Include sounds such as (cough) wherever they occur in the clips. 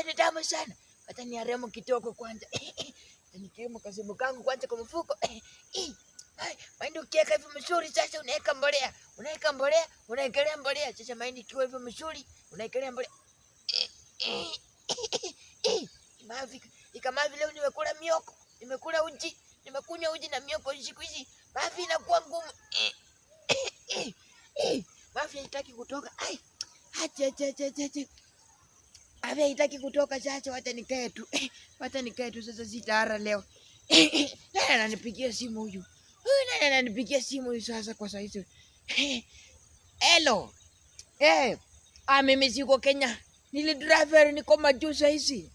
sana tamu sana. Hata ni aremu kidogo kwanza. Eh, eh, eh. Nikiwemo kasimu kangu kwanza kwa mfuko. Mahindi ukiweka hivyo mzuri sasa unaweka mbolea. Unaweka mbolea, unaekelea mbolea. Sasa mahindi ikiwa hivyo mzuri, unaekelea mbolea. Mavi, kama vile leo nimekula mioko, nimekula uji, nimekunywa uji na mioko siku hizi. Mavi inakuwa ngumu. Mavi haitaki kutoka. Ai. Acha acha acha acha. Abi haitaki kutoka chacha, wacha nikae tu. Eh, wacha nikae tu sasa sitara leo. Eh, nani ananipigia simu huyu? Huyu nani ananipigia simu huyu sasa kwa saa hizo? Eh, hello. Eh, ah mimi siko Kenya. Nili driver niko majuu saa hizi.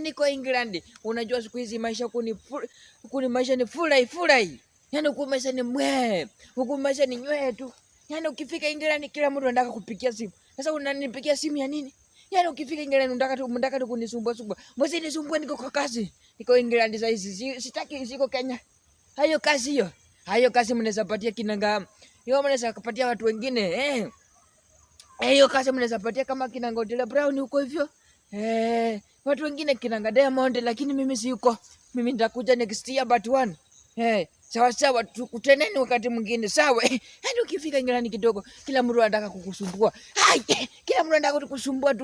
Niko England. Unajua siku hizi maisha kuni full, kuni maisha ni full life full life. Yaani huku maisha ni mwe. Huku maisha ni nywe tu. Yaani ukifika England kila mtu anataka kupigia simu. Sasa unanipigia simu ya nini? Yaani ukifika England unataka tu unataka tu kunisumbua sumbua. Mbona nisumbue niko kwa kazi? Niko England sasa hizi. Sitaki siko Kenya. Hayo kazi hiyo. Hayo kazi mnaweza patia kinanga. Hiyo mnaweza kupatia watu wengine. Eh. Hiyo kazi mnaweza patia kama kinanga Otile Brown huko hivyo. Eh, watu wengine kinanga Diamond lakini mimi si yuko. Mimi nitakuja next year but one. Eh, sawa sawa, tukuteneni wakati mwingine sawa. Hadi (laughs) yaani ukifika England kidogo, kila mtu anataka kukusumbua. Hai, kila mtu anataka kukusumbua.